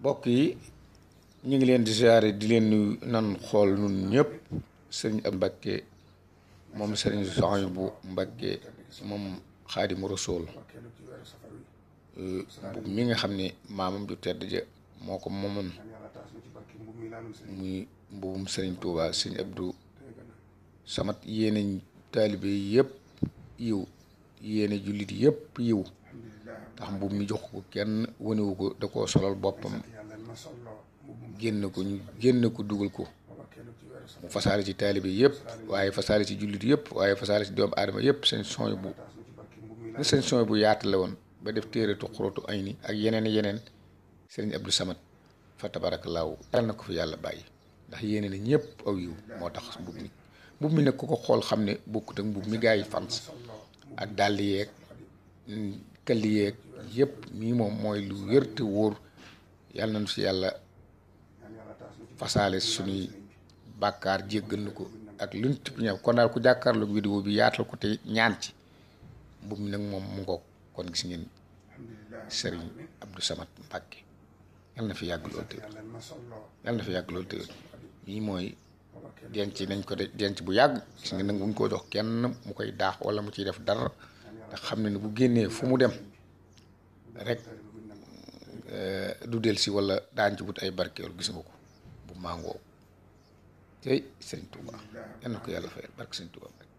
mbokk yi ñu ngi leen di siyaare di leen nuyu nan xool nun ñëpp sëriñ ab Mbàkke moom sëriñ soxna bu Mbàkke moom xaadimu rasuul euh, mi nga xam ni maamam ju tedd ja moo ko moomoon muy mbubum sëriñ Touba sëriñ Abdou Samat yéene taalibe yëpp yiw yéene jullit yëpp yiw tax mbubb mi jox ko kenn wonewu ko da ko solal boppam génn ko ñu génn ko dugal ko mu fasaale ci taalibe yëpp waaye fasaale ci jullit yëpp waaye fasaale ci doomu aadama yëpp seen sooy bu ni seen sooy bu yaata la woon ba def téere tu xuratu ni ak yeneen yeneen sëriñ Abdou Samad fa tabarakallaahu yàlla na ko fi yàlla bàyyi ndax yéene na ñëpp aw yiw moo tax mbubb mi mbubb mi nag ku ko xool xam ne bokkut ak mbubb mi gaa yi fans ak dàll yeeg kaliye yep mi nii moom lu wér wor yalla yàlla nañu si yàlla fasaale suni bakar jéggal ko ak luñ tip ñaw kon dal ku lu vidéo bi yaatal ko te ñaan ci bu mi nak mom mu ko kon gis ngeen serigne Abdou Samad Mbàkke yalla na fi yàgg loolu te yàlla na fi yàgg loolu te mii denc nañ ko denc bu yàgg gis ngeen nak buñ ko dox kenn mu koy daax wala mu ci def dara nga xam ne bu génnee fu mu dem rek euh, du delsi wala daan ci wut ay barkeel gis nga ko bu màngoo tey sëriñ Touba yal na ko yàlla fayal barke sëriñ Touba